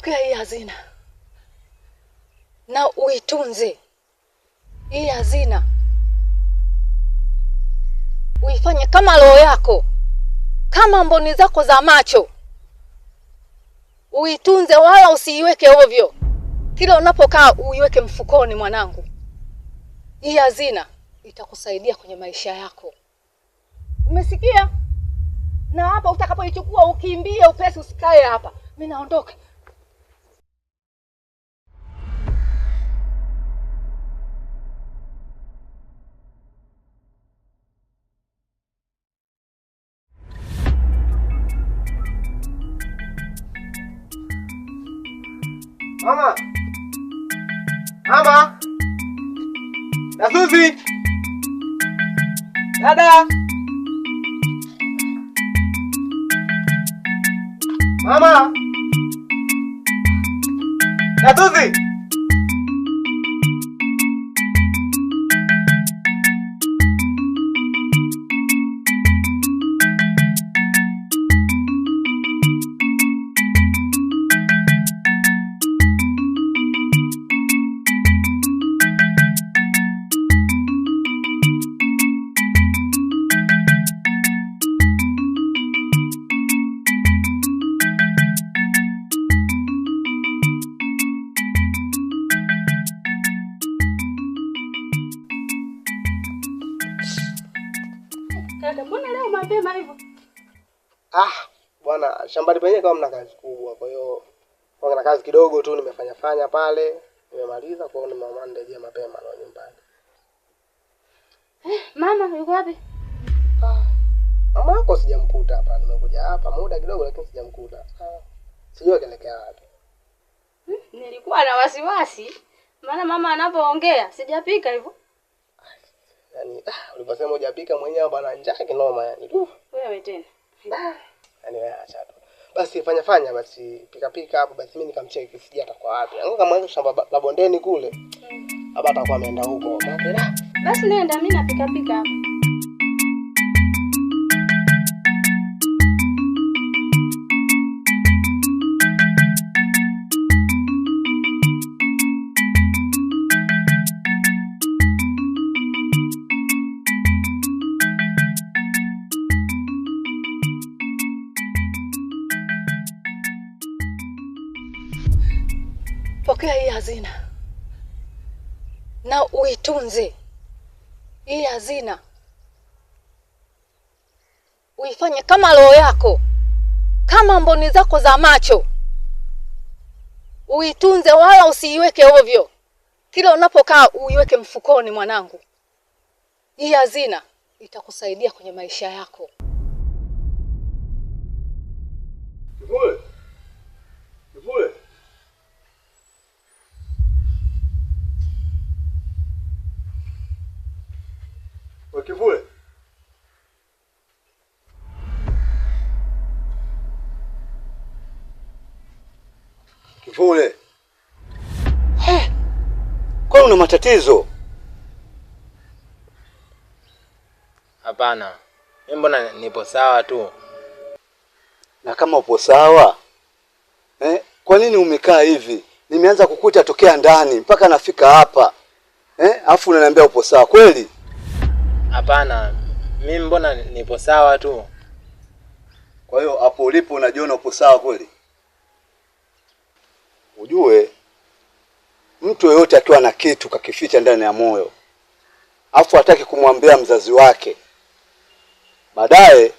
Pokea hii hazina na uitunze hii hazina, uifanye kama roho yako, kama mboni zako za macho, uitunze wala usiiweke ovyo. Kila unapokaa uiweke mfukoni, mwanangu. Hii hazina itakusaidia kwenye maisha yako, umesikia? Na hapa utakapoichukua ukimbie upesi, usikae hapa. Mimi naondoka. Mama! Mama! Na Susi! Dada! Mama! Na Susi! ah, bwana, shambani penyewe kama mna kazi kubwa, kwa hiyo kwa na kazi kidogo tu nimefanya fanya pale, nimemaliza. Kwa hiyo nimeamua nirejea mapema na nyumbani. Eh, mama yuko wapi? Ah, mama yako sijamkuta hapa, nimekuja hapa muda kidogo, lakini sijamkuta. Ah, sijui akielekea wapi. Hmm, nilikuwa na wasiwasi maana mama anapoongea sijapika hivyo yani. Ah, uliposema hujapika mwenyewe bwana, njaa kinoma yani. Wewe tena. Ah anyway yaani, eh, acha tu basi fanya fanya basi pika pika hapo basi mimi nikamcheki sija atakuwa wapi angu kama shamba la bondeni kule hapa atakuwa ameenda huko basi nenda mimi napika pika hapo Pokea hii hazina na uitunze hii hazina, uifanye kama roho yako, kama mboni zako za macho, uitunze wala usiiweke ovyo. Kila unapokaa uiweke mfukoni, mwanangu. Hii hazina itakusaidia kwenye maisha yako. Kivule, Kivule. Wakivule Kivule, kwa una matatizo? Hapana, mimi mbona nipo sawa tu. Na kama upo sawa eh, kwa nini umekaa hivi? Nimeanza kukuta tokea ndani mpaka nafika hapa eh, afu unaniambia upo sawa kweli? Hapana, mimi mbona nipo sawa tu. Kwa hiyo hapo ulipo unajiona upo sawa kweli? Ujue mtu yeyote akiwa na kitu kakificha ndani ya moyo afu hataki kumwambia mzazi wake, baadaye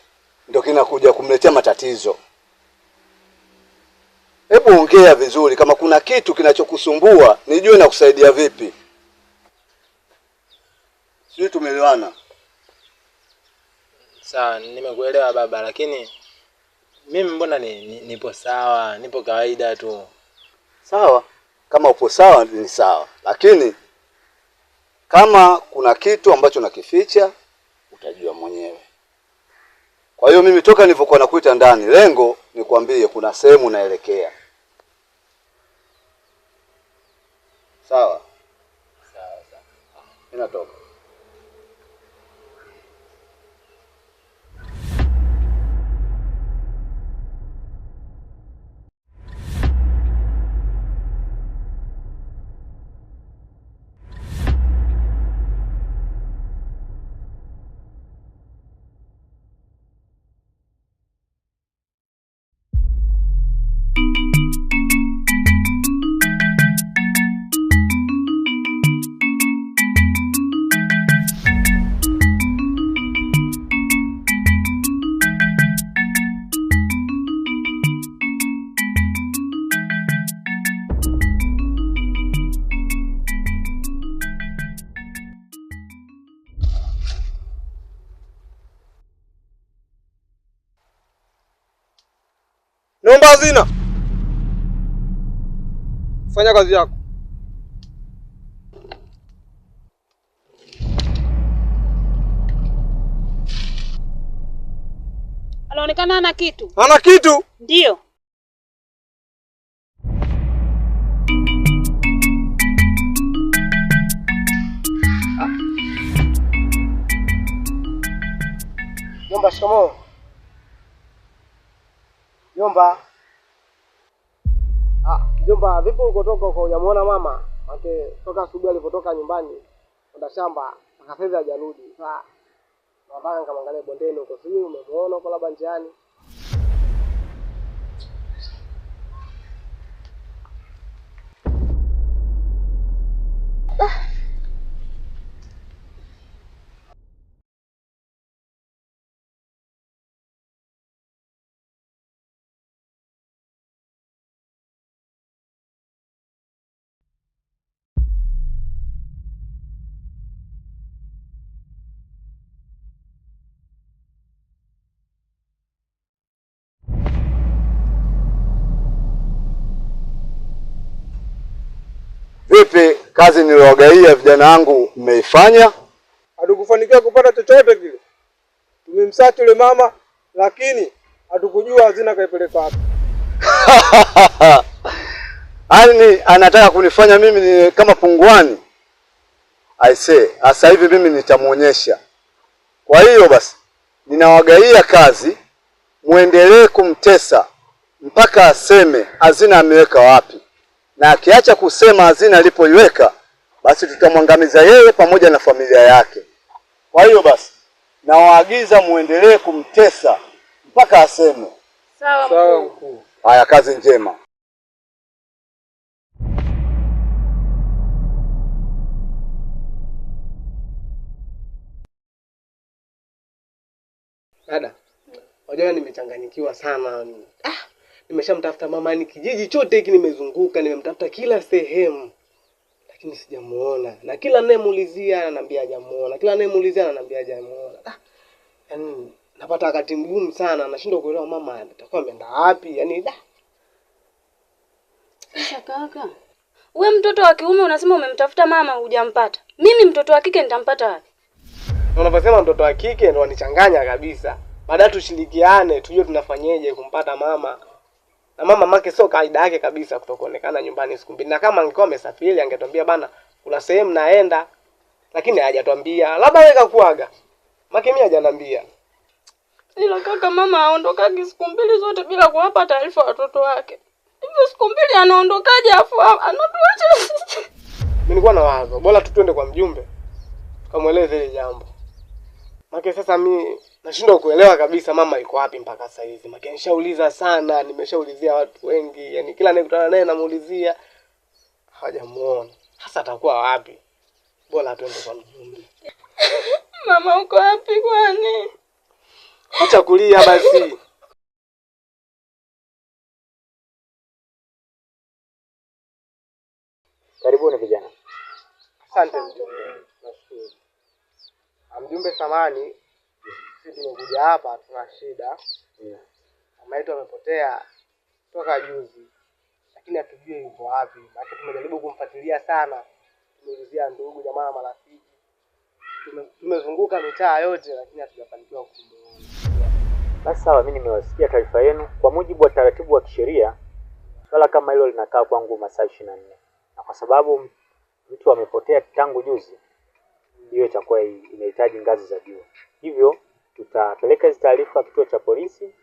ndio kinakuja kumletea matatizo. Hebu ongea vizuri, kama kuna kitu kinachokusumbua nijue na kusaidia vipi. Sijui tumeelewana? Sawa, nimekuelewa baba, lakini mimi mbona ni, ni, nipo sawa, nipo kawaida tu. Sawa, kama upo sawa ni sawa, lakini kama kuna kitu ambacho nakificha utajua mwenyewe. Kwa hiyo mimi toka nilivyokuwa nakuita ndani, lengo nikwambie kuna sehemu naelekea. Sawa, sawa, sawa. Inatoka. hazina. Fanya kazi yako. Anaonekana ana kitu, ana kitu ndio. Nyomba, shikamoo. Nyomba jumba vipi ukotoka uko hujamuona mama? Mke toka asubuhi alipotoka nyumbani kwenda shamba mpaka sasa hajarudi. Sasa nataka nikamwangalie bondeni huko, sijui umemuona uko labda njiani. vipi kazi niliyowagaia vijana wangu mmeifanya? Hatukufanikiwa kupata chochote kile. tumemsati yule mama, lakini hatukujua hazina kaipeleka wapi. Yaani anataka kunifanya mimi ni kama pungwani. I say, sasa hivi mimi nitamuonyesha. Kwa hiyo basi ninawagaia kazi, muendelee kumtesa mpaka aseme hazina ameweka wapi na akiacha kusema hazina alipoiweka, basi tutamwangamiza yeye pamoja na familia yake. Kwa hiyo basi nawaagiza muendelee kumtesa mpaka aseme. Sawa mkuu. Haya, kazi njema. Dada, wajua nimechanganyikiwa sana. Ah. Nimeshamtafuta mama, ni yaani kijiji chote hiki nimezunguka, nimemtafuta kila sehemu, lakini sijamuona, na kila nayemuulizia ananiambia hajamuona, kila nayemuulizia ananiambia hajamuona. Ah, yaani napata wakati mgumu sana, nashindwa kuelewa mama atakuwa ameenda wapi. Yani da sasa, kaka we mtoto wa kiume unasema umemtafuta mama hujampata, mimi mtoto wa kike nitampata wapi? Unavyosema mtoto wa kike ndo wanichanganya kabisa. Baadaye tushirikiane, tujue tunafanyeje kumpata mama. Na mama mamake sio kaida yake kabisa kutokuonekana nyumbani siku mbili. Na kama angekuwa amesafiri angetwambia bana kuna sehemu naenda. Lakini hajatwambia. Labda wewe kakuaga. Maki mimi hajaniambia. Ila kaka mama aondokagi siku mbili zote bila kuwapa taarifa watoto wake. Hivyo siku mbili anaondokaje afu anatuacha? Mimi nilikuwa na wazo, bora tu twende kwa mjumbe. Tukamweleze ile jambo. Maki sasa mimi nashindwa kuelewa kabisa mama yuko wapi mpaka sasa hivi. Maki nishauliza sana, nimeshaulizia watu wengi, yaani kila nikutana naye namuulizia, hajamuona. Hasa atakuwa wapi? Bora twende kwa mjumbe. Mama uko wapi kwani? Acha kulia basi. Karibuni vijana. Asante mjumbe. Mjumbe samani sisi tumekuja hapa tuna shida yeah. Mama yetu amepotea toka juzi, lakini hatujui yuko wapi. Maana tumejaribu kumfuatilia sana, tumeulizia ndugu, jamaa, marafiki, tumezunguka mitaa yote, lakini hatujafanikiwa kumuona. Basi sawa, mimi nimewasikia taarifa yenu. Kwa mujibu wa taratibu wa kisheria, swala kama hilo linakaa kwangu masaa ishirini na nne na kwa sababu mtu amepotea tangu juzi, hiyo itakuwa inahitaji ngazi za juu, hivyo tutapeleka hizi taarifa kituo cha polisi.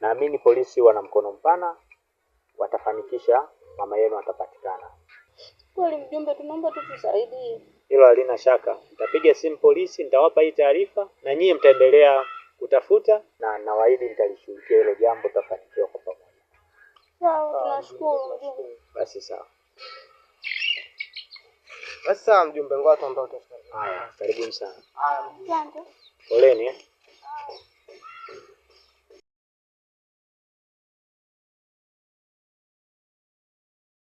Naamini polisi wana mkono mpana, watafanikisha mama yenu atapatikana. Kweli mjumbe, tunaomba tu tusaidie. Hilo halina shaka, nitapiga simu polisi, nitawapa hii taarifa na nyie mtaendelea kutafuta, na nawaahidi nitalishughulikia hilo jambo, tutafanikiwa kwa pamoja. Sawa, tunashukuru mjumbe. Basi sawa. Basi sawa mjumbe, ngoja tuombe. Haya, karibuni sana. Asante. boleh nih ya